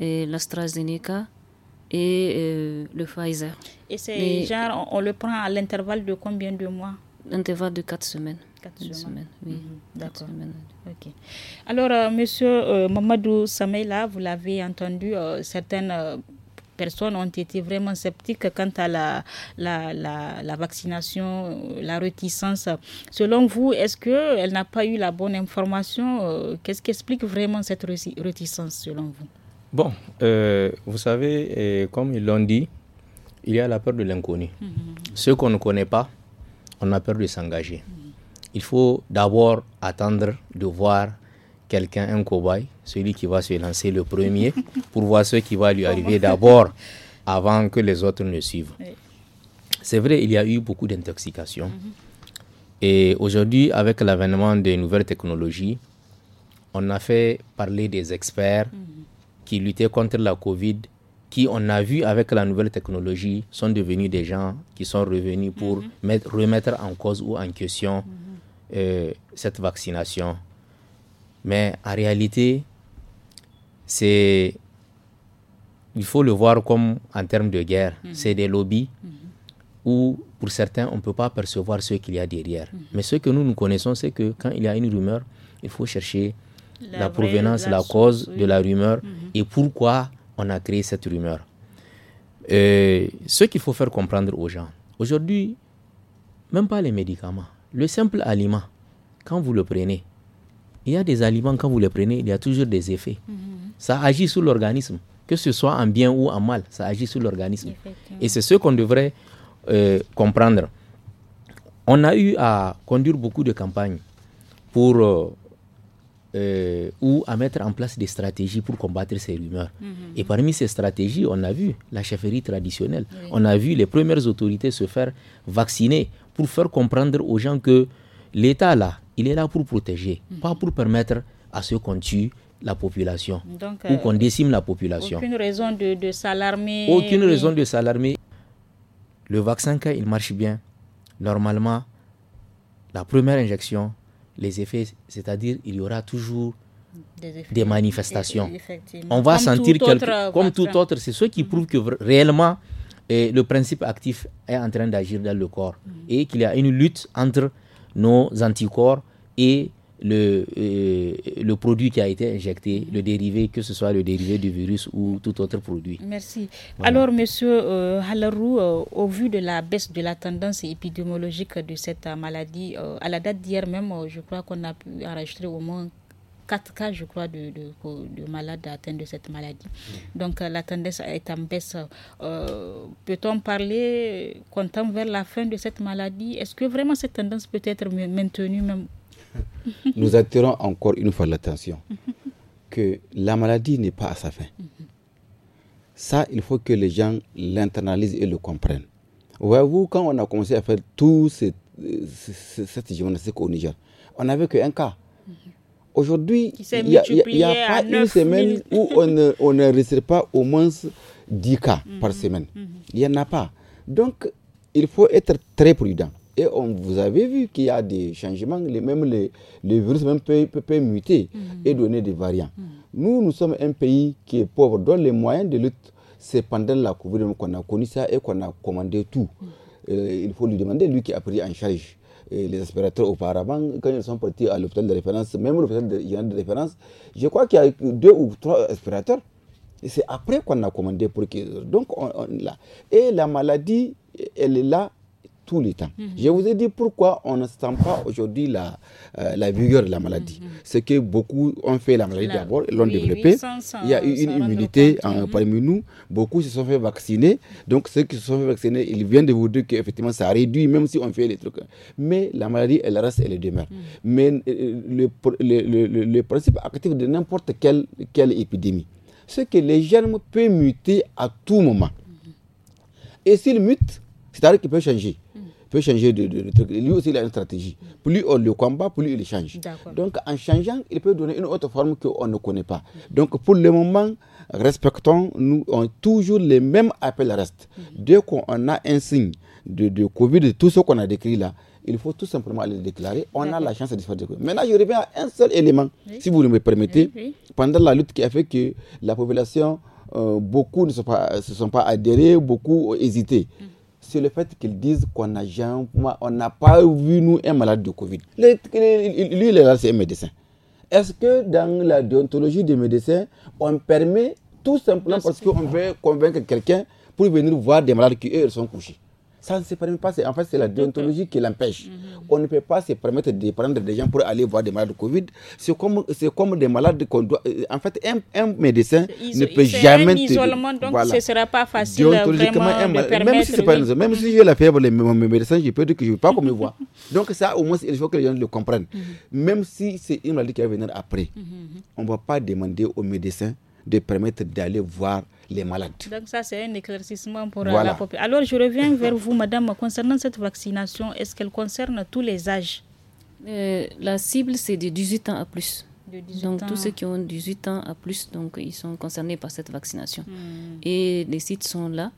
Speaker 5: l'AstraZeneca et euh, le Pfizer. Et c'est
Speaker 1: genre, on, le prend à l'intervalle de combien de mois
Speaker 5: L'intervalle de quatre semaines. Quatre semaines. oui. Mhm.
Speaker 1: D'accord. Alors, euh, monsieur euh, Mamadou Sameila, vous l'avez entendu, certaines personnes ont été vraiment sceptiques quant à la, la, la, vaccination, euh, la réticence. Selon vous, est-ce qu'elle n'a pas eu la bonne information euh, Qu'est-ce qui explique vraiment cette réticence selon vous
Speaker 3: Bon, euh, vous savez, comme ils l'ont dit, il y a la peur de l'inconnu. Mm-hmm. Ce qu'on ne connaît pas, on a peur de s'engager. Mm-hmm. Il faut d'abord attendre de voir quelqu'un, un cobaye, celui qui va se lancer le premier, pour voir ce qui va lui arriver d'abord, avant que les autres ne suivent. C'est vrai, il y a eu beaucoup d'intoxication. Mm-hmm. Et aujourd'hui, avec l'avènement des nouvelles technologies, on a fait parler des experts mm-hmm. qui luttaient contre la Covid, qui, on a vu avec la nouvelle technologie, sont devenus des gens qui sont revenus pour mm-hmm. remettre en cause ou en question euh, cette vaccination mais en réalité, c'est il faut le voir comme en termes de guerre. Mhm. C'est des lobbies mhm. où, pour certains, on ne peut pas percevoir ce qu'il y a derrière. Mhm. Mais ce que nous, nous connaissons, c'est que quand il y a une rumeur, il faut chercher la, provenance, la, cause de la rumeur et pourquoi on a créé cette rumeur. Euh, ce qu'il faut faire comprendre aux gens, aujourd'hui, même pas les médicaments, le simple aliment, quand vous le prenez, il y a des aliments, quand vous les prenez, il y a toujours des effets. Mhm. Ça agit sur l'organisme, que ce soit en bien ou en mal, ça agit sur l'organisme. Et c'est ce qu'on devrait euh, comprendre. On a eu à conduire beaucoup de campagnes pour euh, euh, ou à mettre en place des stratégies pour combattre ces rumeurs. Mhm. Et parmi ces stratégies, on a vu la chefferie traditionnelle, on a vu les premières autorités se faire vacciner pour faire comprendre aux gens que L'État, là, il est là pour protéger, mhm. pas pour permettre à ceux qu'on tue la population
Speaker 1: ou euh, qu'on
Speaker 3: décime la population. Aucune
Speaker 1: raison de, s'alarmer. Aucune raison
Speaker 3: de s'alarmer. Le vaccin, quand il marche bien, normalement, la première injection, les effets, c'est-à-dire il y aura toujours des, manifestations. On va sentir comme tout autre. C'est ce qui mhm. prouve que réellement eh, le principe actif est en train d'agir dans le corps mhm. et qu'il y a une lutte entre nos anticorps et le, euh, le produit qui a été injecté, le dérivé, que ce soit le dérivé du virus ou tout autre produit.
Speaker 1: Merci. Alors, monsieur euh, Halarou, euh, au vu de la baisse de la tendance épidémiologique de cette maladie, euh, à la date d'hier même, je crois qu'on a pu enregistrer au moins 4 cas, je crois, de, malades atteints de cette maladie. Mm. Donc euh, la tendance est en baisse. Euh, peut-on parler, comptant vers la fin de cette maladie, est-ce que vraiment cette tendance peut être maintenue même
Speaker 2: Nous attirons encore une fois l'attention que la maladie n'est pas à sa fin. Mm-hmm. Ça, il faut que les gens l'internalisent et le comprennent. Voyez-vous, quand on a commencé à faire tout cette, cette au Niger, on n'avait qu'un cas. Aujourd'hui, il n'y a, pas une semaine où on ne, on ne pas au moins 10 cas mm-hmm. par semaine. Mm-hmm. Il n'y en a pas. Donc, il faut être très prudent. Et on, vous avez vu qu'il y a des changements, les, même les, virus même peut, muter mm-hmm. et donner des variants. Nous, nous sommes un pays qui est pauvre, dont les moyens de lutte, c'est pendant la COVID qu'on a connu ça et qu'on a commandé tout. Euh, il faut lui demander, lui qui a pris en charge les aspirateurs auparavant, quand ils sont partis à l'hôpital de référence, même l'hôpital de, référence, je crois qu'il y a deux ou trois aspirateurs. Et c'est après qu'on a commandé pour qu'ils. Donc, on, Et la maladie, elle est là tout le temps. Mhm. Je vous ai dit pourquoi on ne sent pas aujourd'hui la, euh, la vigueur de la maladie. Ce mhm. C'est que beaucoup ont fait la maladie d'abord, l'ont développé. développée. il y a eu une immunité en, hein, mhm. parmi nous. Beaucoup se sont fait vacciner. Donc ceux qui se sont fait vacciner, ils viennent de vous dire qu'effectivement ça réduit, même si on fait les trucs. Mais la maladie, elle reste, elle demeure. Mais euh, le, le, le, principe actif de n'importe quelle, quelle épidémie, c'est que les germes peuvent muter à tout moment. Et s'ils mutent, c'est-à-dire qu'ils peuvent changer peut changer de, Lui aussi, il a une stratégie. Plus on le combat, plus il change. Donc, en changeant, il peut donner une autre forme qu'on ne connaît pas. Donc, pour le moment, respectons, nous ont toujours les mêmes appels restent. Mhm. Dès qu'on a un signe de, de Covid, de tout ce qu'on a décrit là, il faut tout simplement aller déclarer. On a la chance de faire covid Maintenant, je reviens à un seul élément, si vous me permettez. Pendant la lutte qui a fait que la population, euh, beaucoup ne sont pas, se sont pas adhérés, beaucoup ont hésité. Mhm c'est le fait qu'ils disent qu'on n'a on pas vu nous un malade de Covid. Lui, il est là, c'est un médecin. Est-ce que dans la déontologie des médecins, on permet tout simplement parce qu'on veut convaincre quelqu'un pour venir voir des malades qui eux sont couchés ça ne se permet pas. En fait, c'est la déontologie qui l'empêche. Mhm. On ne peut pas se permettre de prendre des gens pour aller voir des malades de Covid. C'est comme, comme des malades qu'on doit. Euh, en fait, un, un médecin ne peut jamais. isolement, donc ce ne sera
Speaker 1: pas facile. Déontologiquement, même si pas
Speaker 2: si j'ai la fièvre, je peux dire que je ne veux pas qu'on me voit. Donc, ça, au moins, il faut que les gens le comprennent. Mhm. Même si c'est une maladie qui va venir après, mhm, on ne va pas demander aux médecins de permettre d'aller voir les malades.
Speaker 1: Donc ça, c'est un éclaircissement pour euh, la population. Alors, je reviens vers vous, madame, concernant cette vaccination. Est-ce qu'elle concerne tous les
Speaker 5: âges euh, La cible, c'est de 18 ans à plus. donc, tous ceux qui ont 18 ans à plus, donc, ils sont concernés par cette vaccination. Hmm. Et les sites sont là.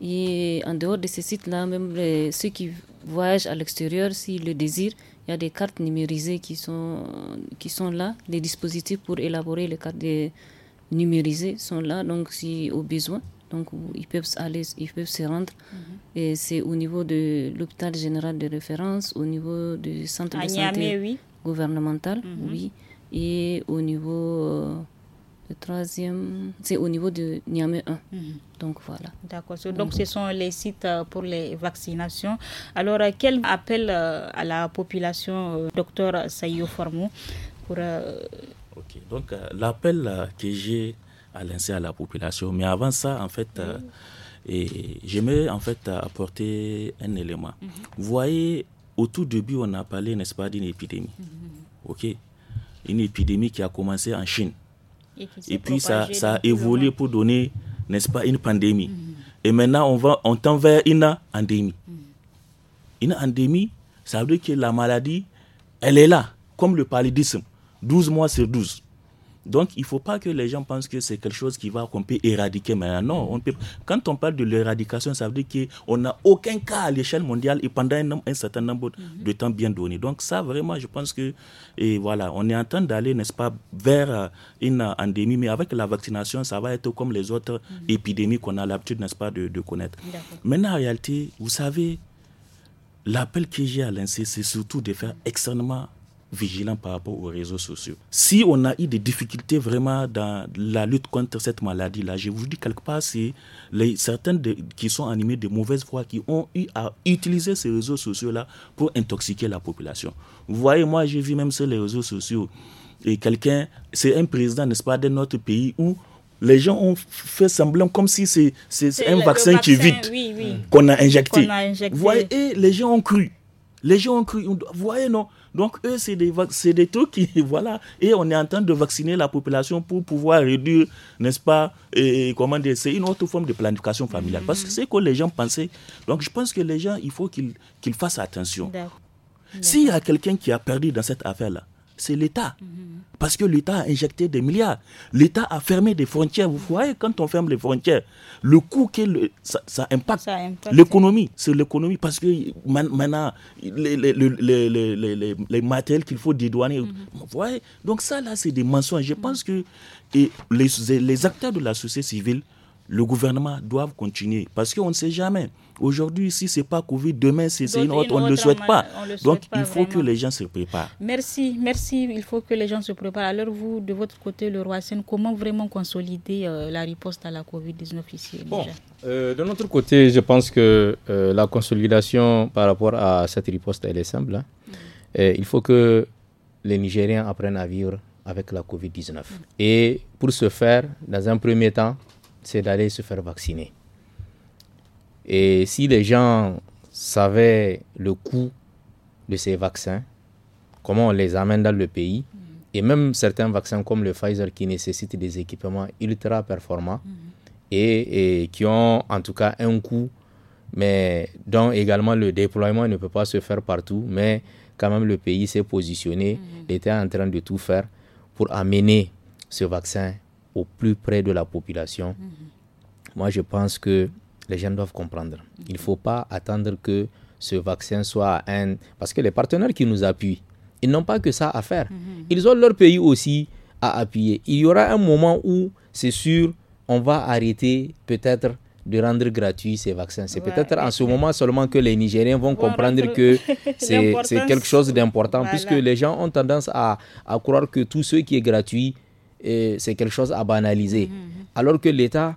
Speaker 5: Et en dehors de ces sites-là, même ceux qui voyagent à l'extérieur, s'ils le désirent, il y a des cartes numérisées qui sont, qui sont là, des dispositifs pour élaborer les cartes des numérisés sont là, donc si au besoin, donc ils peuvent aller, ils peuvent se rendre. Mhm. Et c'est au niveau de l'hôpital général de référence, au niveau du centre de santé gouvernemental, mhm. oui, et au niveau euh, troisième, c'est au niveau de Niamey 1. Mhm. Donc voilà.
Speaker 1: D'accord. Donc ce sont les sites euh, pour les vaccinations. Alors euh, quel appel à la population, docteur Sayo Formu, pour
Speaker 4: donc euh, l'appel euh, que j'ai à lancer à la population, mais avant ça, en fait, euh, et j'aimerais en fait apporter un élément. Mhm. Vous voyez, au tout début, on a parlé, n'est-ce pas, d'une épidémie. Mhm, mhm, ok, une épidémie qui a commencé en Chine. Et, puis ça, ça a évolué pour donner, n'est-ce pas, une pandémie. Et maintenant, on, va, on tend vers une endémie. Une endémie, ça veut dire que la maladie, elle est là, comme le paludisme. 12 mois sur 12. Donc, il ne faut pas que les gens pensent que c'est quelque chose qui va qu'on peut éradiquer maintenant. Non, quand on parle de l'éradication, ça veut dire qu'on n'a aucun cas à l'échelle mondiale et pendant un, certain nombre de mhm. temps bien donné. Donc, ça, vraiment, je pense que, et voilà, on est en train d'aller, n'est-ce pas, vers euh, une endémie, mais avec la vaccination, ça va être comme les autres mhm. épidémies qu'on a l'habitude, n'est-ce pas, de, connaître. Maintenant, en réalité, vous savez, l'appel que j'ai à lancer, c'est surtout de faire extrêmement vigilant par rapport aux réseaux sociaux. Si on a eu des difficultés vraiment dans la lutte contre cette maladie-là, je vous dis quelque part, c'est les, qui sont animés de mauvaise foi qui ont eu à utiliser ces réseaux sociaux-là pour intoxiquer la population. Vous voyez, moi, j'ai vu même sur les réseaux sociaux, et quelqu'un, c'est un président, n'est-ce pas, de notre pays où les gens ont fait semblant comme si c'est, c'est un vaccin, qui vide, qu'on a injecté. Vous voyez, et les gens ont cru. Les gens ont cru. Vous voyez, non donc, eux, c'est des, des trucs qui, voilà, et on est en train de vacciner la population pour pouvoir réduire, n'est-ce pas, et, comment dire, c'est une autre forme de planification familiale. Parce que mhm. c'est que les gens pensaient. Donc, je pense que les gens, il faut qu'ils fassent attention. S'il y a quelqu'un qui a perdu dans cette affaire-là, c'est l'État. Mhm. Parce que l'État a injecté des milliards. L'État a fermé des frontières. Vous voyez, quand on ferme les frontières, le coût que ça, impacte, l'économie, c'est l'économie. Parce que maintenant, les, matériels qu'il faut dédouaner. Mhm. Vous voyez Donc ça, là, c'est des mensonges. Je pense que les acteurs de la société civile le gouvernement doit continuer. Parce qu'on ne sait jamais. Aujourd'hui, si ce n'est pas Covid, demain, c'est une autre. On ne le souhaite pas. Donc, il faut que les gens se préparent.
Speaker 1: Merci, merci. Il faut que les gens se préparent. Alors, vous, de votre côté, le roi Sen, comment vraiment consolider euh, la riposte à la Covid-19 ici bon,
Speaker 3: euh, De notre côté, je pense que euh, la consolidation par rapport à cette riposte, elle est simple. Hein. Mm. il faut que les Nigériens apprennent à vivre avec la Covid-19. Mm. Et pour ce faire, dans un premier temps, c'est d'aller se faire vacciner. Et si les gens savaient le coût de ces vaccins, comment on les amène dans le pays, et même certains vaccins comme le Pfizer qui nécessitent des équipements ultra performants mhm. et, qui ont en tout cas un coût, mais dont également le déploiement ne peut pas se faire partout, mais quand même le pays s'est positionné, il mhm. était en train de tout faire pour amener ce vaccin au plus près de la population, mhm. moi je pense que les gens doivent comprendre. Mhm. Il ne faut pas attendre que ce vaccin soit un... Parce que les partenaires qui nous appuient, ils n'ont pas que ça à faire. Mhm. Ils ont leur pays aussi à appuyer. Il y aura un moment où, c'est sûr, on va arrêter peut-être de rendre gratuit ces vaccins. C'est peut-être en ce moment seulement que les Nigériens vont comprendre que c'est quelque chose d'important, puisque les gens ont tendance à croire que tout ce qui est gratuit, c'est quelque chose à banaliser. Mhm, mhm. Alors que l'État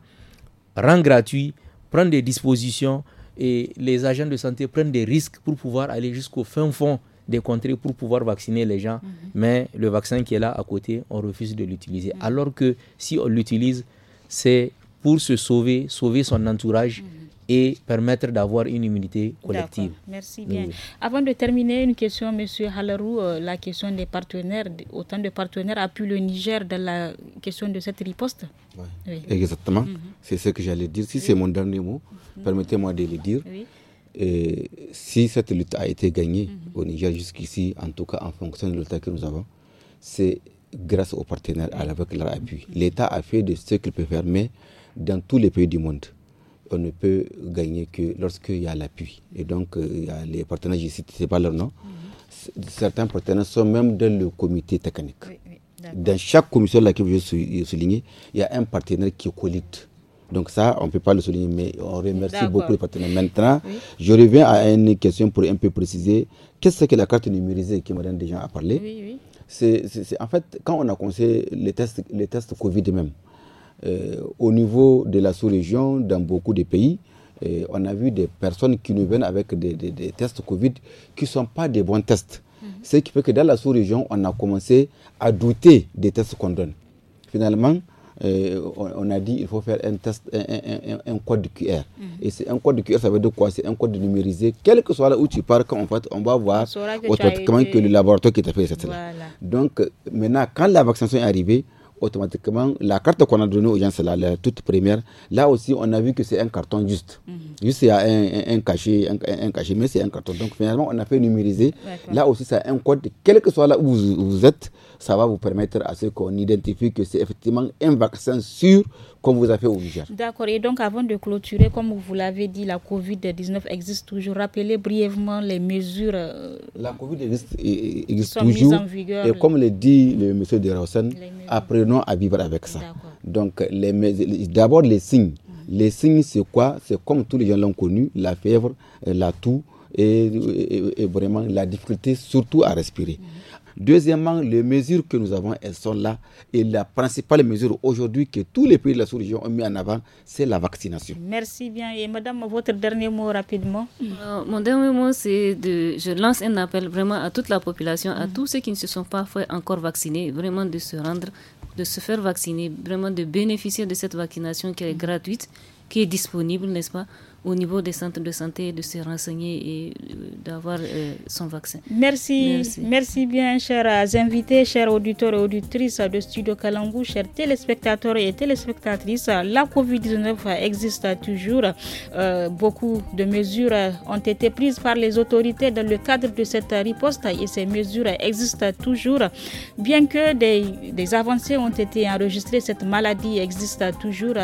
Speaker 3: rend gratuit, prend des dispositions et les agents de santé prennent des risques pour pouvoir aller jusqu'au fin fond des contrées pour pouvoir vacciner les gens. Mhm. Mais le vaccin qui est là à côté, on refuse de l'utiliser. Alors que si on l'utilise, c'est pour se sauver, sauver son entourage et permettre d'avoir une immunité collective. Merci bien.
Speaker 1: Avant de terminer, une question, Monsieur Halarou, euh, la question des partenaires. Autant de partenaires appuient le Niger dans la question de cette riposte. Oui.
Speaker 2: Exactement. Mhm. C'est ce que j'allais dire. Si c'est mon dernier mot, mhm. permettez-moi de le dire. si cette lutte a été gagnée mhm. au Niger jusqu'ici, en tout cas en fonction de l'État que nous avons, c'est grâce aux partenaires avec leur appui. L'État a fait de ce qu'il peut faire, mais dans tous les pays du monde on ne peut gagner que lorsqu'il y a l'appui. Et donc, il euh, y a les partenaires, je ne cite pas leur nom, certains partenaires sont même dans le comité technique. dans chaque commission, là que je souligner, il y a un partenaire qui collecte. Donc ça, on ne peut pas le souligner, mais on remercie beaucoup les partenaires. Maintenant, je reviens à une question pour un peu préciser. Qu'est-ce que la carte numérisée que Madame déjà a parlé C'est en fait, quand on a conseillé les tests, les tests Covid même, euh, au niveau de la sous-région, dans beaucoup de pays, euh, on a vu des personnes qui nous viennent avec des, tests Covid qui ne sont pas des bons tests. Mhm. Ce qui fait que dans la sous-région, on a commencé à douter des tests qu'on donne. Finalement, euh, on, a dit il faut faire un test, un, un, un, code QR. Mhm. Et c'est un code QR, ça veut dire quoi C'est un code numérisé. Quel que soit là où tu pars, on, fait, on va voir autrement que, le laboratoire qui t'a fait cette Donc maintenant, quand la vaccination est arrivée, automatiquement la carte qu'on a donnée aux gens, c'est la, toute première. Là aussi, on a vu que c'est un carton juste. Mhm. Juste, il y a un, cachet, un, cachet, mais c'est un carton. Donc finalement, on a fait numériser. Là aussi, c'est un code. Quel que soit là où vous, vous êtes, ça va vous permettre à ce qu'on identifie que c'est effectivement un vaccin sûr comme vous avez fait au
Speaker 1: D'accord. Et donc, avant de clôturer, comme vous l'avez dit, la COVID-19 existe toujours. Rappelez brièvement les mesures. Euh,
Speaker 2: la COVID existe, existe toujours. et comme le dit le monsieur de Rosen, apprenons à vivre avec ça. Donc, d'abord, les signes. Mhm. Les signes, c'est quoi C'est comme tous les gens l'ont connu, la fièvre, euh, la toux et, vraiment la difficulté surtout à respirer. Mhm. Deuxièmement, les mesures que nous avons, elles sont là. Et la principale mesure aujourd'hui que tous les pays de la sous-région ont mis en avant, c'est la vaccination.
Speaker 5: Merci bien. Et madame, votre dernier mot rapidement euh, Mon dernier mot, c'est de. Je lance un appel vraiment à toute la population, à mm. tous ceux qui ne se sont pas encore vaccinés, vraiment de se rendre, de se faire vacciner, vraiment de bénéficier de cette vaccination qui est mm. gratuite, qui est disponible, n'est-ce pas au niveau des centres de santé de se renseigner et euh, d'avoir euh, son vaccin. Merci,
Speaker 1: merci, bien, chers invités, chers auditeurs et auditrices de Studio Kalangou, chers téléspectateurs et téléspectatrices. La COVID-19 existe toujours. Euh, beaucoup de mesures ont été prises par les autorités dans le cadre de cette riposte et ces mesures existent toujours. Bien que des, des avancées ont été enregistrées, cette maladie existe toujours.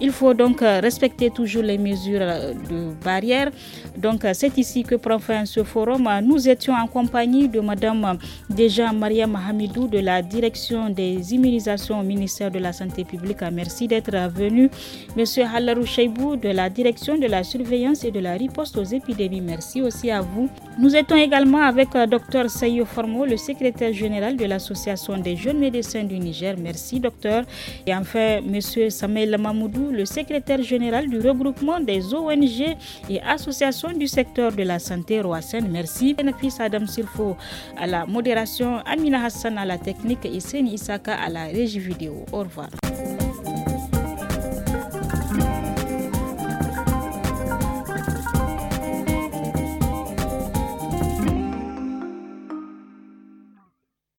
Speaker 1: Il faut donc respecter toujours les mesures de barrières. Donc euh, c'est ici que prend fin ce forum. Nous étions en compagnie de Madame euh, déjà Maria Mahamidou de la direction des immunisations au ministère de la Santé publique. Merci d'être venu. Monsieur Halarou Cheibou de la direction de la surveillance et de la riposte aux épidémies. Merci aussi à vous. Nous étions également avec euh, Dr Sayo Formo, le secrétaire général de l'Association des jeunes médecins du Niger. Merci docteur. Et enfin, Monsieur Samuel Mamoudou, le secrétaire général du regroupement des eaux ONG et associations du secteur de la santé Roassen. Merci. bénéfice Adam Silfo à la modération, Amina Hassan à la technique et Seni Isaka à la régie vidéo. Au revoir.